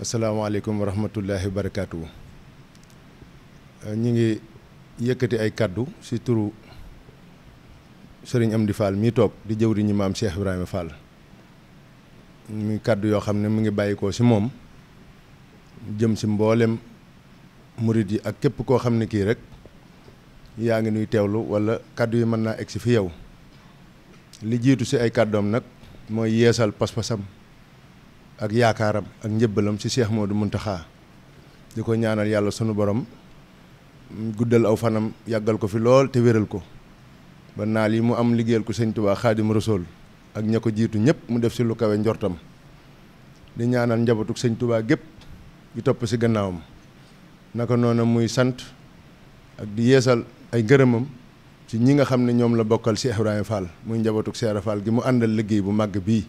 asalaamaaleykum wa rahmatullahi wa barakaatu. ñu ngi yëkkati ay kaddu ci turu sëriñ Amdi Fall mii toog di jëwriñu maam Cheikh Ibrahima Fall. muy kaddu yoo xam ne mu ngi bàyyikoo ci moom jëm si mboolem murit yi ak képp koo xam ne kii rek yaa ngi nuy teewlu walla kàddu yi mën naa egg si fi yow. li jiitu ci ay kàddoom nag mooy yeesal pas ak yaakaaram ak njëbbalam ci du mun taxa di ko ñaanal yàlla sunu borom guddal aw fanam yàggal ko fi lool te wéral ko ba naal yi mu am liggéeyal ko sëñ Tuubaa Xaadim Rasuul ak ña ko jiitu ñëpp mu def si lu kawe njortam di ñaanal njabootu sëñ Tuubaa gépp yu topp ci gannaawam naka noonu muy sant ak di yeesal ay ngërëmam ci ñi nga xam ne ñoom la bokkal Cheikh Ibrahima muy njabootu Cheikh Fall gi mu àndal liggéey bu màgg bii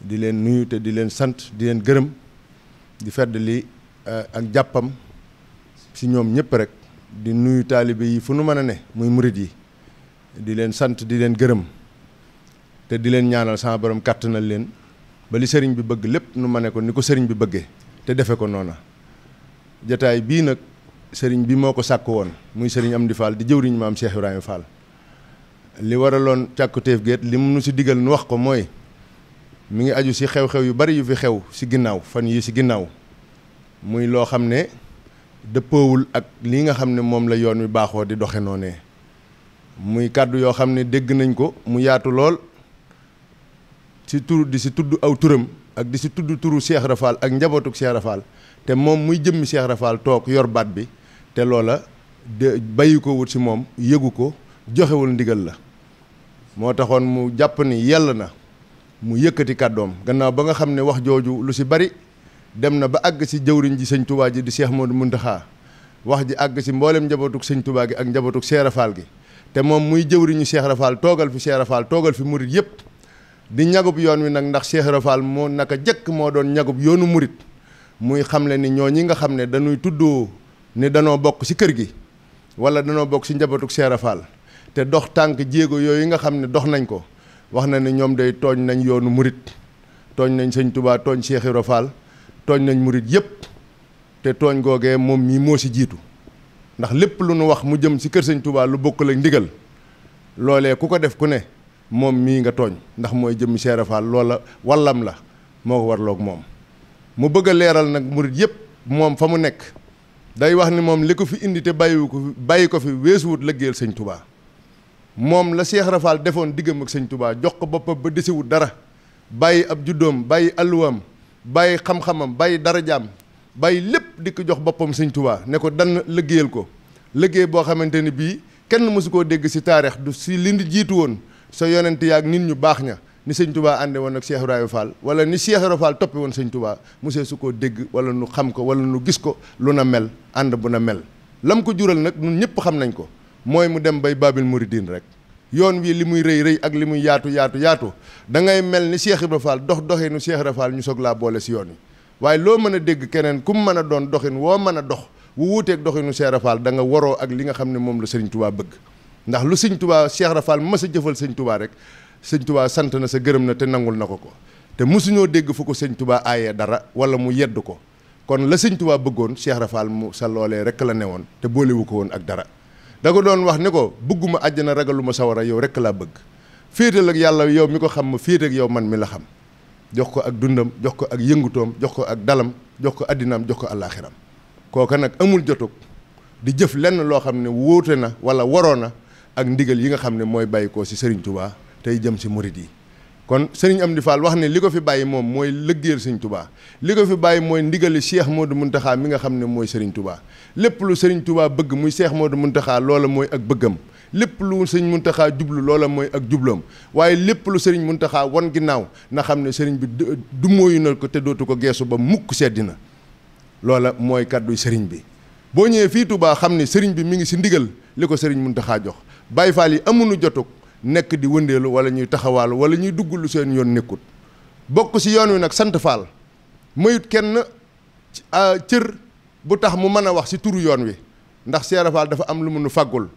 di leen nuyu te di leen sant di leen gërëm di fedd feddali eh, ak jàppam si ñoom ñëpp rek di nuyu taalibe yi fu nu mën a ne muy murit yi di leen sant di leen gërëm te di leen ñaanal sama boroom borom na leen ba sëriñ bi bëgg lépp nu ma ne ko ni ko sëriñ bi bëggee te defe ko noona jataay bii nag sëriñ bi moo ko sàkk woon muy sëriñ di Fall di jëw riñ ma am Ibrahima Fall li waraloon càkkutéef géet li mu nu si digal nu wax ko mooy mi ngi aju ci xew-xew yu bari yu fi xew ci ginnaaw fan yii ci ginnaaw muy loo xam ne dëppoowul ak lii nga xam ne moom la yoon wi baaxoo di doxe noonee muy kàddu yoo xam ne dégg nañ ko mu yaatu lool ci tur di si tudd aw turam ak di ci tudd turu Cheikh Rafal ak njabootuk Cheikh Rafal te moom muy jëmmi Cheikh Rafal toog yor baat bi te loola de bàyyi ko wut si moom yëgu ko joxewul ndigal la moo taxoon mu jàpp ni yell na mu yëkkati kàddoom gannaaw ba nga xam ne wax jooju lu si bari dem na ba àgg si jëwriñ ji sëñ tubaa ji di Cheikh Modou Mountakha wax ji àgg si mboolem njabootug sëñ tubaa gi ak njabootug Cheikh Rafaal gi te moom muy jëwriñu Cheikh Rafaal toogal fi Cheikh Rafaal toogal fi murit yëpp di ñagub yoon wi nag ndax Cheikh Rafaal moo naka jëkk moo doon ñagub yoonu murit muy xamle ni ñoo ñi nga xam ne dañuy tudd ni danoo bokk si kër gi wala danoo bokk si njabootug Cheikh Rafaal te dox tànk jéego yooyu nga xam ne dox nañ ko wax na ni ñoom day tooñ nañ yoonu murit tooñ nañ sëñ tubaa tooñ Cheikh Ibra tooñ nañ murit yëpp te tooñ googee moom mii moo si jiitu ndax lépp lu nu wax mu jëm si kër sañ tubaa lu bokk la ndigal loolee ku ko def ku ne moom mii nga tooñ ndax mooy jëmmi Cheikh Ibra loola wallam la moo ko warloog moom mu bëgg a leeral nag murit yëpp moom fa mu nekk day wax ni moom li ko fi indi te bàyyiwu ko bàyyi ko fi weesuwut lëggeel sëñ tubaa moom la Cheikh Rafal defoon diggam ak sëñ Touba jox ko boppam ba desewul dara bàyyi ab juddoom bàyyi àlluwaam bàyyi xam-xamam bàyyi darajaam bàyyi lépp di jox boppam sëñ Touba ne ko dan liggéeyal ko liggéey boo xamante ni bii kenn mësu koo dégg si taarix du si li ndi jiitu woon sa yonent yaag nit ñu baax ña ni sëñ tubaa ànde woon ak Cheikh Ibrahima Fall wala ni Cheikh Ibrahima Fall woon sëñ Touba mosee su koo dégg wala nu xam ko wala nu gis ko lu na mel ànd bu na mel lam ko jural nag ñëpp xam nañ ko mooy mu dem bay Babil Mouridine rek yoon wii li muy rëy rëy ak li muy yaatu yaatu yaatu da ngay mel ni Cheikh Ibra dox doxinu Cheikh Ibra Fall ñu soog laa boole si yoon wi waaye loo mën a dégg keneen ku mu mën a doon doxin woo mën a dox wu wuuteeg doxinu Cheikh Ibra da nga waroo ak li nga xam ne moom la Serigne Touba bëgg ndax lu Serigne Touba Cheikh Ibra Fall jëfal Serigne Touba rek Serigne Touba sant na sa gërëm na te nangul na ko ko te mosuñoo dégg fu ko sëñ tubaa aayee dara wala mu yedd ko kon la Serigne Touba bëggoon Cheikh Ibra mu sa loolee rek la newoon te boolewu ko woon ak dara da ko doon wax ni ko bëgguma àjjana ragaluma sawara yow rek laa bëgg féetal ak yàlla yow mi ko xam ma féet ak yow man mi la xam jox ko ak dundam jox ko ak yëngutoom jox ko ak dalam jox ko addinaam jox ko àllaaxiram kooka nag amul jotug di jëf lenn loo xam ne wóote na wala waroo na ak ndigal yi nga xam ne mooy bàyyikoo ci Serigne Touba tey jëm ci murit yi kon sëriñ Amdi Fall wax ne li ko fi bàyyi moom mooy lëggéeyal sëriñ Touba li ko fi bàyyi mooy ndigali Cheikh Modou Mountakha mi nga xam ne mooy sëriñ Touba lépp lu sëriñ tubaa bëgg muy Cheikh Modou Mountakha loola mooy ak bëggam lépp lu sëriñ Mountakha jublu loola mooy ak jubloom waaye lépp lu sëriñ Mountakha wan ginnaaw na xam ne sëriñ bi du mooyu na ko te dootu ko geesu ba mukk seddi na loola mooy kàddu sëriñ bi boo ñëwee fii tubaa xam ne sëriñ bi mu ngi si ndigal li ko sëriñ Mountakha jox Baye Fall yi amuñu jotuk nekk di wëndeelu wala ñuy taxawaalu wala ñuy dugg lu seen yoon nekkut bokk si yoon wi nag sant faal mayut kenn cër bu tax mu mën a wax ci turu yoon wi ndax Cheikh Faal dafa am lu mu nu faggul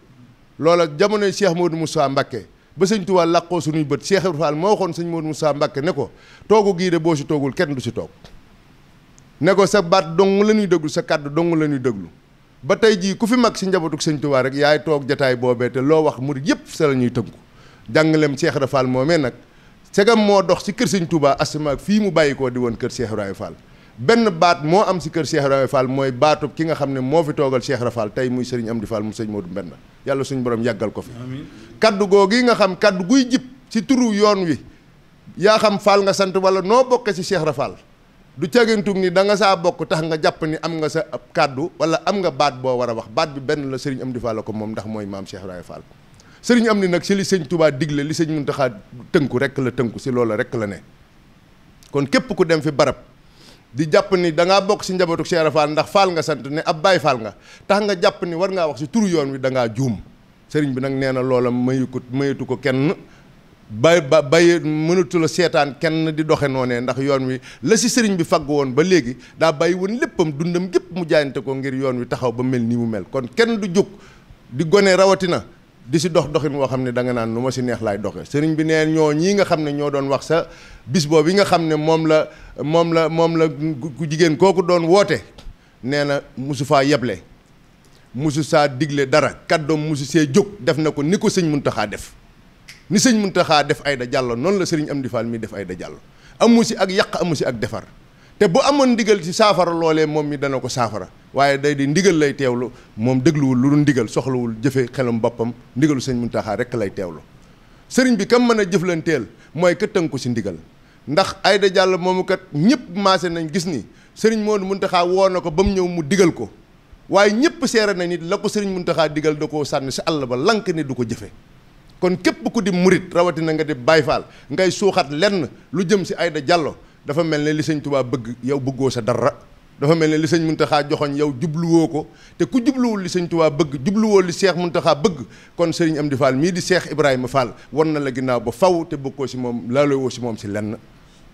loola jamonoy Cheikh Modou Moussa Mbacké ba sëñ Tuubaa su suñuy bët Cheikh Faal moo waxoon sëñ Modou Moussa Mbacké ne ko toogu gii de boo ci toogul kenn du ci toog ne ko sa baat dong la ñuy déglu sa kàddu dong la ñuy déglu ba tey jii ku fi mag ci njabootu sëñ Tuubaa rek yaay toog jataay boobee te loo wax yëpp sa la ñuy tënku jàngaleem Cheikh Ibra Fall moomee nag segam moo dox si kër Sëñ Touba asamaak fii mu bàyyi koo di woon kër Cheikh Ibra benn baat moo am si kër Cheikh Ibra Fall mooy baatu ki nga xam ne moo fi toogal Cheikh Ibra Fall tey muy am Amdi Fall mu sëñ Modou benn yàlla suñu borom yàggal ko fi. amiin kaddu googu nga xam kàddu guy jib ci turu yoon wi yaa xam Fall nga sant wala noo bokke ci Cheikh Ibra du cagintug ni da nga saa bokk tax nga jàpp ni am nga sa kaddu wala am nga baat boo war a wax baat bi benn la Serigne Amdi Fall ko moom ndax mooy maam Cheikh Ibra Fall. sëriñ am ni nag si li sëñ Touba digle li sëñ Muntaxa tënku rek la tënku si loola rek la ne kon képp ku dem fi barab di jàpp ni da ngaa bokk si njabootu Cheikh ndax Fall nga sant ne ab Baay Fall nga tax jàpp ni war ngaa wax si turu yoon wi da ngaa sëriñ bi nag nee na loola mayu ko ko kenn bay ba bay mënatu seetaan kenn di doxe noonee ndax yoon wi la si sëriñ bi fagg woon ba léegi daa bàyyi woon dundam gépp mu jaayante ko ngir yoon wi taxaw ba mel nii bu mel kon kenn du jóg di gone rawatina di si dox doxin woo xam ne da naan nu ma si neex laay doxe sëriñ bi nee ñoo ñii nga xam ne ñoo doon wax sa bis boobu yi nga xam ne moom la moom la moom la ku jigéen kooku doon woote nee na musu faa yeble musu saa digle dara kàddoom musu see jóg def na ko ni ko sëñ taxaa def ni sëñ Muntaxaa def ay da jàll noonu la sëriñ Amdi Fall mi def Aïda Diallo amu si ak yàq amu si ak defar te bu amoon ndigal ci saafara loolee moom mi dana ko saafara waaye day di ndigal lay teewlu moom dégluwul lu dul ndigal soxlawul jëfe xelum boppam ndigalu sëñ muntaxaa rekk lay teewlu sëriñ bi kam mën a jëflanteel mooy ka tënku si ndigal ndax ayda Diallo moomukat kat ñëpp maase nañ gis ni sëriñ Moodu Muntaxa woo na ko ba mu ñëw mu digal ko waaye ñëpp seere nañ nit la ko sëriñ Muntaxa digal da koo sànni ci àll ba lank ni du ko jëfe kon képp ku di murit rawatina nga di Baay Faal ngay suuxat lenn lu jëm si ayda Diallo dafa mel ne li sëñ Tuubaa bëgg yow bëggoo sa dara dafa mel ne li sëñ Muntaxa joxoñ yow jubluwoo ko te ku jubluwul li sëñ Tuubaa bëgg jubluwoo li Seex Muntaxa bëgg kon sëriñ di Fall mii di Seex Ibrahima Fall wan na la ginnaaw ba faw te bokkoo si moom laaloo woo si moom si lenn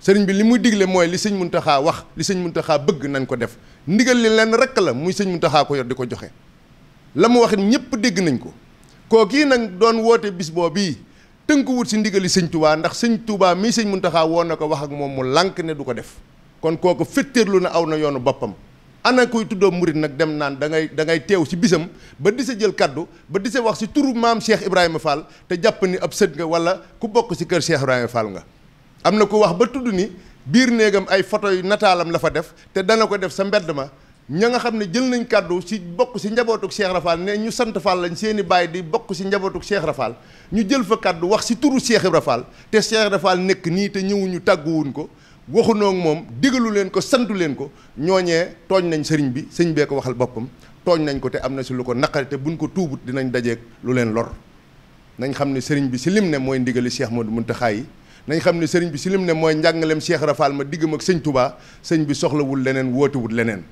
sëriñ bi li mu digle mooy li sëñ Muntaxa wax li sëñ Muntaxa bëgg nañ ko def ndigal li lenn rekk la muy sëñ Muntaxa ko yor di ko joxe la mu wax ñëpp dégg nañ ko kookii nag doon woote bis boo bii tënkuwut si ndigali sëñ Tuubaa ndax sëñ Tuubaa mii sëñ Muntaxa woon na ko wax ak moom mu lànk ne du ko def kon kooku fetteerlu na aw na yoonu boppam ana kuy tuddoo murit nag dem naan da ngay da ngay teew ci bisam ba di sa jël kàddu ba di sa wax ci turu maam Cheikh Ibrahima Fall te jàpp ni ab sët nga wala ku bokk ci kër Cheikh Ibrahima nga am na ku wax ba tudd ni biir néegam ay photo yu nataalam la fa def te dana ko def sa mbedd ma ña nga xam ne jël nañ kàddu ci bokk ci njabootuk Cheikh Rafal ne ñu sant Fall lañ seeni baay di bokk ci njabootuk Cheikh Rafal ñu jël fa kàddu wax ci turu Cheikh Ibrahima Fall Rafal nekk nii te ñëwuñu tàgguwuñ ko waxunoo moom digalu leen ko santu leen ko ñooñee tooñ nañ sëriñ bi sëñ bee ko waxal boppam tooñ nañ ko te am na si lu ko naqari te buñ ko tuubut dinañ dajeeg lu leen lor nañ xam ne sëriñ bi si lim ne mooy ndigali Cheikh Modou Mountakha yi nañ xam ne sëriñ bi si lim ne mooy njàngaleem Cheikh Rafal ma diggam ak sëñ Touba sëñ bi soxlawul leneen wootewul leneen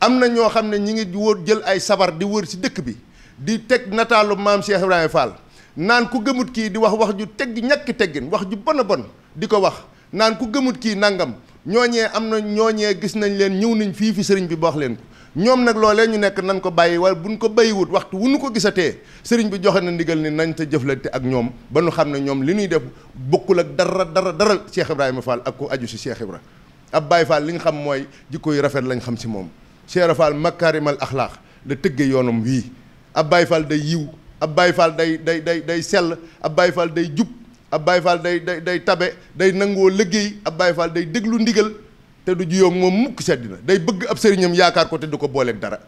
am na ñoo xam ne ñi ngi wóor jël ay sabar di wër si dëkk bi di teg nataalu maam Cheikh Ibrahima Fall naan ku gëmut kii di wax wax ju tegg ñàkk teggin wax ju bon bon di ko wax naan ku gëmut kii nangam ñooñee am na ñooñee gis nañ leen ñëw nañ fii fi sëriñ bi ba wax leen ko ñoom nag loolee ñu nekk nañ ko bàyyi wala buñ ko bàyyiwut waxtu wu ñu ko gisatee sëriñ bi joxe na ndigal ni nañ ta jëflante ak ñoom ba nu xam ne ñoom li ñuy def bokkul ak dara dara dara Cheikh Ibrahima Fall ak ku aju si Cheikh Ibra ab Baye Fall li nga xam mooy jikko rafet lañ xam si moom Cheikh Ibra Fall makaarimal axlaax la tëggee yoonam wii ab Baye Fall day yiw ab Baye day day day day sell ab Baye day jub ab Baye Fall day day day tabe day nangoo liggéey ab Baye Fall day déglu ndigal te du jiyoo moom mukk sedd na day bëgg ab sëriñam yaakaar ko te du ko booleeg dara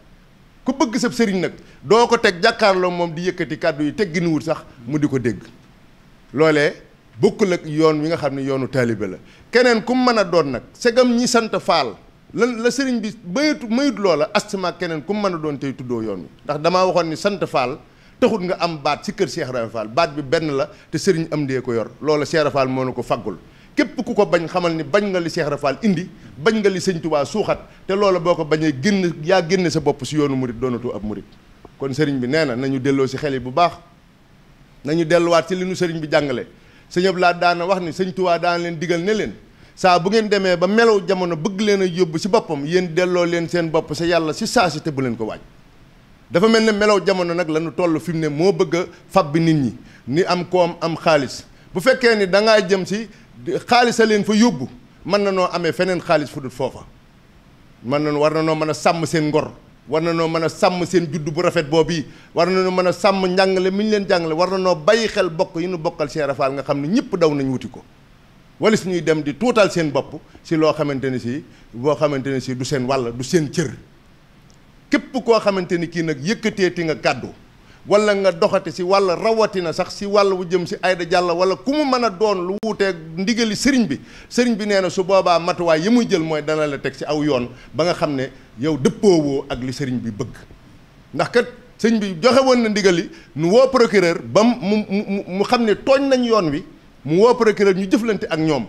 ku bëgg sab sëriñ nag doo ko teg jàkkaarloo moom di yëkkati kàddu yi tegginuwul sax mu di ko dégg loolee bokkul ak yoon wi nga xam ne yoonu taalibe la keneen ku mën a doon nag segam ñi sant faal lan la sëriñ bi bayatu mayut loola astima keneen ku mën a doon tey tuddoo yoon wi ndax damaa waxoon ni sant faal taxut nga am baat ci kër Cheikh Ibra baat bi benn la te sëriñ am dee ko yor loola Cheikh moo nu ko faggul képp ku ko bañ xamal ni bañ nga li Cheikh Ibra Fall indi bañ nga li sëñ Tuubaa suuxat te loola boo ko bañee génn yaa génne sa bopp si yoonu murit doonatu ab murit kon sëriñ bi nee na nañu delloo si xel yi bu baax nañu delluwaat ci li nu sëriñ bi jàngale sëñëb laa Lahat daana wax ni sëñ Tuubaa daana leen digal ne leen saa bu ngeen demee ba melaw jamono bëgg leen a yóbbu si boppam yéen delloo leen seen bopp sa yàlla si saasi bu leen ko waaj dafa mel ne melaw jamono nag la ñu toll fi mu ne moo bëgg a fab bi nit ñi ni am koom am xaalis bu fekkee ni da jëm si xaalis a leen fa yóbbu mën na noo amee feneen xaalis fu dul foofa mën na war na noo mën a sàmm seen ngor war na noo mën a sàmm seen juddu bu rafet boobu war na noo mën a sàmm njàngale mi ñu leen jàngale war na noo bàyyi xel bokk yi nu bokkal seen rafaal nga xam ne ñëpp daw nañu wuti ko wala su ñuy dem di tuutal seen bopp si loo xamante ne si boo xamante ne si du seen wàll du seen cër képp koo xamante ni kii nag yëkkatee ti nga kàddu wala nga doxati si wàll rawatina sax si wàll bu jëm si Aida Diallo wala ku mu mën a doon lu wuuteeg ndigali sëriñ bi sëriñ bi nee na su boobaa matuwaay yi muy jël mooy dana la teg si aw yoon ba nga xam ne yow dëppoowoo ak li sëriñ bi bëgg ndax kat sëriñ bi joxe woon na ndigali nu woo procureur ba mu mu mu xam ne tooñ nañ yoon wi mu woo procureur ñu jëflante ak ñoom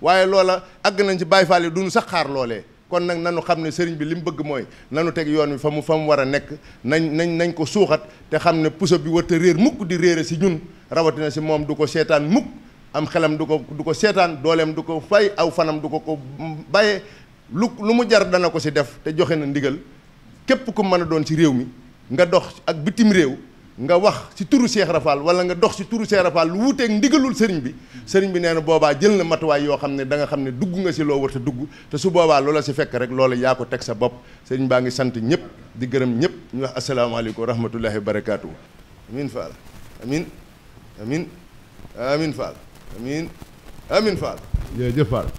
waaye loola àgg nañ si Baye Fall yi duñu sax xaar loolee. kon nag nanu xam ne sëriñ bi li mu bëgg mooy nanu teg yoon wi fa mu fa mu war a nekk nañ nañ nañ ko suuxat te xam ne puso bi wërta réer mukk di réer si ñun rawatina si moom du ko seetaan mukk am xelam du ko du ko seetaan dooleem du ko fay aw fanam du ko ko bàyyee lu lu mu jar dana ko si def te joxe na ndigal képp ku mën a doon si réew mi nga dox ak bitim réew nga wax si turu Cheikh Rafal wala nga dox ci turu Cheikh Rafal lu wuuteeg ndigalul sëriñ bi sëriñ bi nee boobaa jël na matuwaay yoo xam ne da nga xam ne dugg nga si loo war dugg te su boobaa loola si fekk rek loola yaa ko teg sa bopp sëriñ baa ngi sant ñëpp di gërëm ñëpp ñu wax asalaamaaleykum wa rahmatullahi wa barakaatu. amin faal amin amin amin faal amin amin faal jërëjëf faal